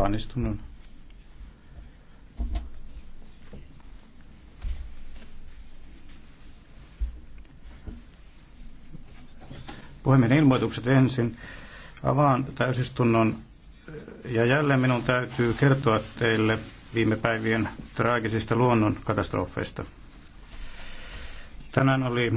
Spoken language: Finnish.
vaan istunnon. ilmoitukset ensin. Avaan täysistunnon ja jälleen minun täytyy kertoa teille viime päivien traagisista luonnonkatastrofeista. Tänään oli